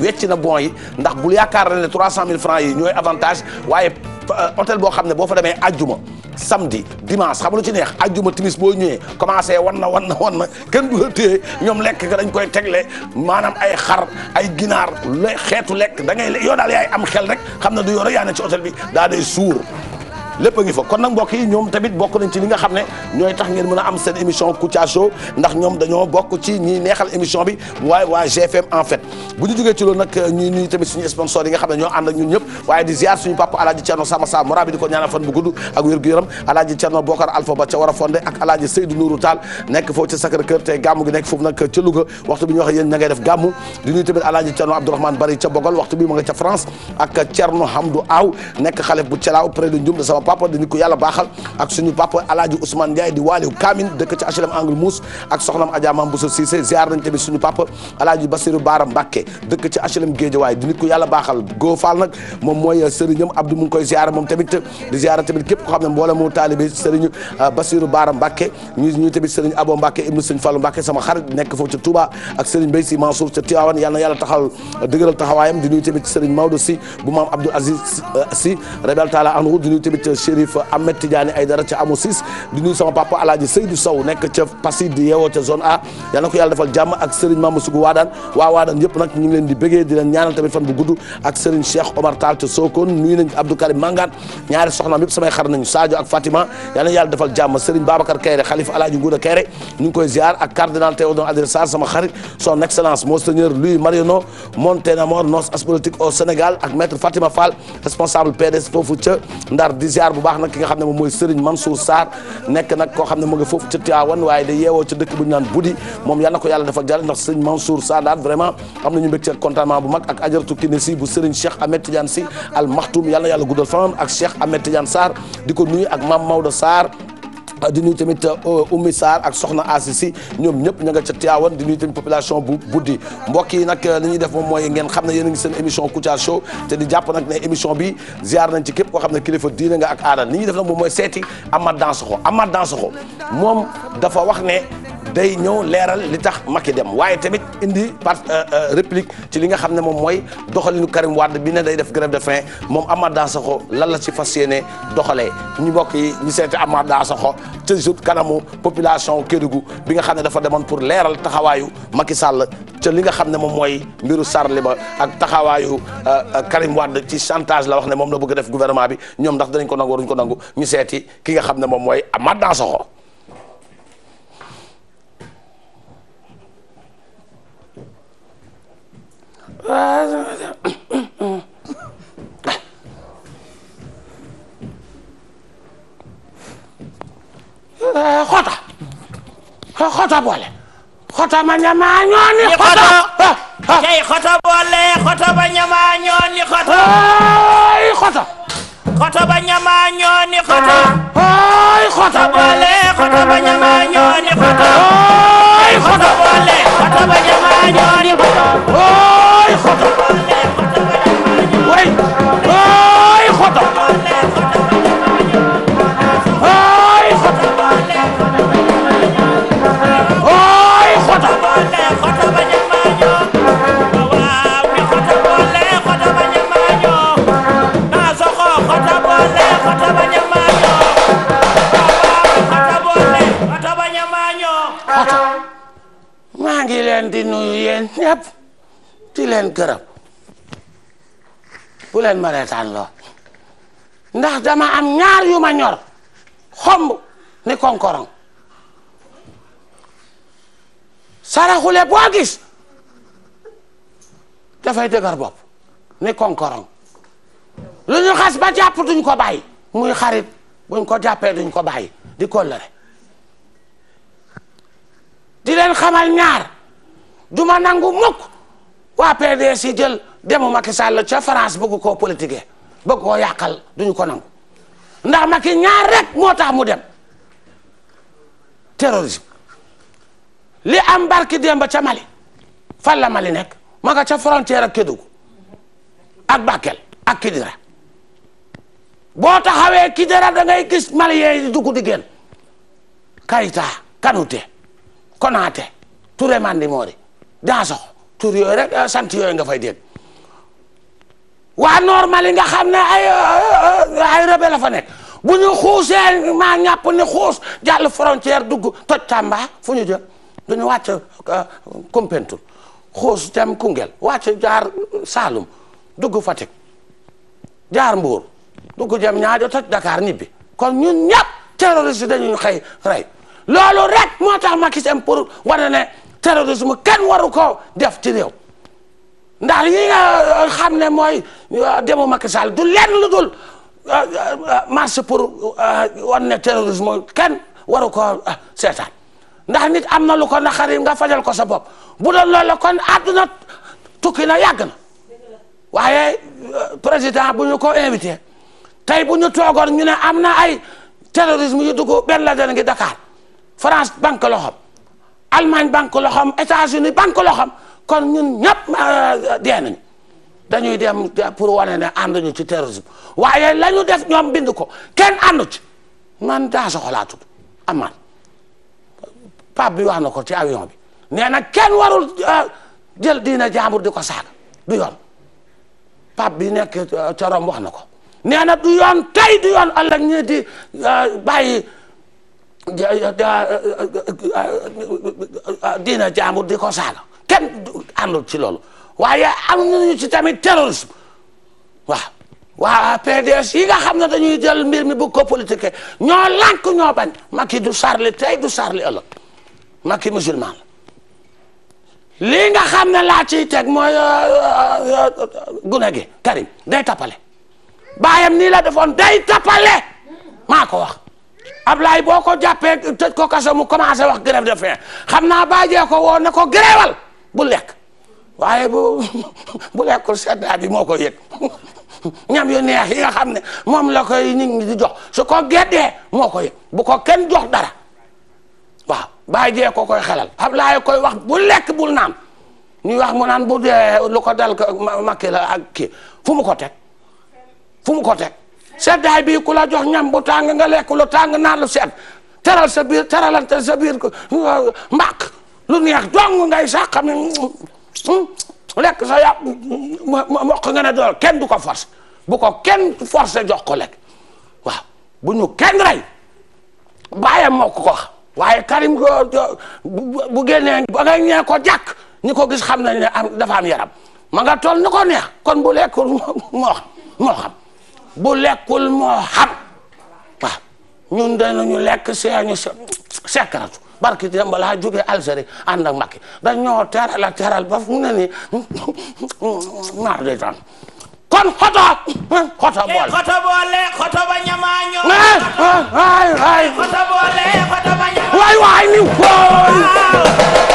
wecc na bon yi ndax bul trois ne 300000 francs yi ñooy avantage waaye euh, hôtel boo xam ne boo fa demee àjjuma samedi dimanche xam lu ci neex àjjuma timis boo ñëwee commencé wan na wan na wan na kenn du la téye ñoom lekk nga dañ koy tegle maanaam ay xar ay ginaar le xeetu lekk da ngay yoo daal yaay am xel rek xam ne du yoro yaa ne ci otel bi daa day suur lépp a ngi fa kon nag mbokk yi ñoom tamit bokk nañ ci a am seen émission Kouthia Show ndax ñoom dañoo bokk ci ñiy neexal émission bi waaye waa GFM en fait bu ñu jógee ci loolu nag ñuy nuyu tamit suñu sponsor yi nga xam ne ñoo a ak ñun ñëpp waaye di ziar suñu papa alaaji Cerno Sama Sa mora bi di ko ñaanal fan bu gudd ak wér gu yaram Cerno Bokar Alpha ca war a ak alaaji wax yéen na ngay def gàmmu di Cerno Abdourahmane Bari ca Bogol waxtu bi nga ca France ak Cerno Hamdou Aw nekk xalif bu Thialaw près de Ndioum de sama papa di nit ko yàlla baaxal ak suñu papa alaaji Ousmane Ndiaye di waaliw Kamin dëkk ci HLM Angle Mousse ak soxnam Adja Mam Bousso Cissé ziar nañ tamit suñu papa alaaji Bassirou Baara Mbacke dëkk ci HLM Guédiawaye di nit ko yàlla baaxal Go Fall nag moom mooy sëriñam Abdou mu koy ziar moom tamit di ziar tamit képp ko xam ne mboolem mu taalibe sëriñ euh, Bassirou Baara Mbacke ñu ñu tamit sëriñ Abo Mbacke ibnu sëriñ Fallou Mbacke sama xarit nekk foofu ca Touba ak sëriñ Mbaye Sy Mansour ca Tivaouane na yàlla taxal euh, dëgëral taxawaayam di nuyu tamit sëriñ Maodo Sy bu maam Abdoul Aziz euh, Sy rebel taala Chérif Ahmed Tidiane Aydara ca amu sis di sama papa alaaji Seydou Sow nekk ca Passy di yeewoo ca zone A yal ko yàlla defal jàmm ak Serigne Mamadou Sougou Waadaan waa Waadaan yëpp nag ngi leen di bëggee di ñaanal tamit fan bu gudd ak Serigne Cheikh Omar Tall ca Sokone nuyu nañ Abdou Karim Mangane ñaari soxnaam yëpp samay xar nañu Sadio ak Fatima yal na defal jàmm Serigne Babacar Kayre xalifa alaaji Ngouda Kayre ñu ngi koy ziar ak cardinal Théodore Adrien Sarr bu baax nag ki nga xam ne moom mooy Serigne Mansour Sarr nekk nag koo xam ne mu nga foofu ca wan waaye da yeewoo ca dëkk bu ñu naan Budi moom yal na ko yàlla dafa jàll ndax Serigne Mansour Sarr daal vraiment am nañu mbégte contentement bu mag ak ajaratu kine si bu Serigne Cheikh Ahmed Tidiane si al Maktoum yal na yàlla guddal fanam ak Cheikh Ahmed Tidiane saar di ko nuyu ak Mame Maodo saar Ah, di nuyu tamit euh, Oumy Sarr ak Soxna Asi si ñoom ñëpp ña nga ca Tiwaawan di nuyu tamit population bu buddi mbokk yi nag li ñuy def moom mooy ngeen xam ne yéen a ngi seen émission Kouthia Show te di jàpp nag ne émission bi ziar nañ ci képp koo xam ne kilifa diine nga ak aada li ñuy def nag moom mooy seeti Amath Dansokho Amath Dansokho moom dafa wax ne day ñëw leeral li tax Macky dem waaye tamit indi part euh, euh, réplique ci li nga xam ne moom mooy doxalinu Karim Wade bi ne day def grève de faim moom Amath Dansokho lan la ci fas yéene doxalee ñu mbokk yi ñu seeti Amath Dansokho te jot kanamu population Kédougou bi nga xam ne dafa demoon pour leeral taxawaayu Macky Sall ca li nga xam ne moom mooy mbiru sarli ba ak taxawaayu euh, Karim Wade ci chantage la wax ne moom la bëgg def gouvernement bi ñoom ndax danañ ko nangu waruñ ko nangu ñu seeti ki nga xam ne moom mooy Amath Dansokho xota xota boole xota ma ñamaa ni xota tey boole xota ba ñamaa ni xota ay ba ñamaa ni xota di nuyu yéen ñëpp di leen gërëm bu leen ma reetaan ndax dama am ñaar yu ma ñor xomb ni konkorong saraxule boo gis dafay dëgër bopp ni konkorong lu ñu xas ba jàpp duñ ko bàyyi muy xarit buñ ko jàppee duñ ko bàyyi di kóllëre di xamal ñaar du ma nangu mukk waa PDS yi jël demu Macky Sall ca France bëgg koo politique bëgg koo yàqal duñu ko nangu ndax Macky ñaar rek moo tax mu dem terrorisme li am barki démb ca Mali fan la Mali nekk ma nga ca frontière ak Kédougou ak Bakel ak Kidira boo taxawee Kidira da ngay gis Mali yee di dugg di génn Kayita Kanouté Konaté Touré Mandi Mori daasox tur yooyu rek ah, sant yooyu nga fay dégg waa normal nga xam ne ay ah, ah, ay rebe la fa nekk bu ñu xuusee maa ñàpp ne xuus jàll frontière dugg toj Tamba fu ñu jëm duñu wàcc Kumpentul xuus dem Koungheul wàcc jaar Saalum dugg Fatick jaar Mbour dugg jëm ñaajo toj Dakar ñibbi kon ñun ñëpp terroriste dañu ñu xëy rey loolu rek moo tax ma gisam pour wane ne terrorisme kenn waru ko def ci réew ndax yi nga euh, ne mooy euh, demu Macky Sall du lenn lu dul euh, marche pour wan ne terrorisme kenn waru ko seetaan ndax nit am na lu ko naqari nga fajal ko sa bopp bu doon loolu kon àdduna tukki na yàgg na waaye président bu ñu ko invité tey bu ñu toogoon ñu ne am na ay terrorisme yu dugg benn la den ngi Dakar France banque loxoom Allemagne banque loxoom États-Unis banque loxoom kon ñun ñëpp euh, dee nañu dañuy dem pour wane ne ànduñu ci terrorisme waaye la ñu def ñoom bind ko kenn àndu ci man daa soxlaatul amaan pape bi wax na ko ci avion bi nee na kenn warul euh, jël diina jàmbur di ko saaga du yoon bi nekk euh, ca Rome wax na ko nee tey du yoon ëllëg di bàyyi. diina jaambur di ko saaga kenn àndul ci loolu waaye am nañu ci tamit terrorisme waaw waa PDS yi nga xam ne dañuy jël mbir mi bu ko politique ñoo lànk ñoo bañ Macky du sarli tey du sarli ëllëg Macky musulman la lii nga xam ne laa ciy teg mooy gune gi Karim day tapale baayam nii la defoon day tapale maa ko wax Ablaye boo ko jàppee tëj ko kaso mu commencé wax grève de faim xam naa bàjjee ko woo na ko gréewal bu lekk waaye bu bu lekkul seddaa bi moo ko yëg ñam yu neex yi xam ne moom la koy nit ñi jox su ko geddee moo koy yëg bu ko kenn jox dara waaw bàjjee ko koy xelal Ablaye koy wax bu lekk bul naan ñuy wax mu naan bu dee lu ko dal ko la ak kii fu mu ko teg fu mu ko teg seddaay bii ku la jox ñam bu tàng nga lekk lu tàng naan lu sedd teral sa biir teralante sa biir mbàq lu neex dong ngay sax xam ne lekk sa yàpp mokk nga ne kenn du ko force bu ko kenn forcé jox ko lekk waaw bu ñu kenn rey bàyyam moo ko wax waaye Karim bu génnee ba nga ñee ko jàkk ñi ko gis xam nañ ne am dafa am yaram ma nga tol ni ko neex kon bu lekk moo xam bu lekkul moo xam waaw ñun danañu lekk seeñu sekkaratu barki dem balaa jógee Algérie ànd ak Macky dañoo teral a teral ba fu ne nii mar de tan kon xoto xoto boole eh, xoto ba ñamaa ñoo eh, eh, waay waay waay waay waay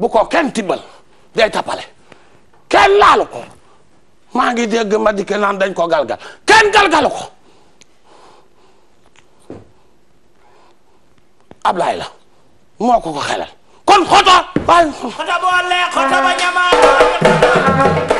bu ko kenn tibbal day tapale kenn laalu ko maa ngi dégg ma dikke naan dañ ko galgal kenn galgalu ko Ablaay la moo ko ko xelal kon xoto waaye xoto lee xoto ba ñamaa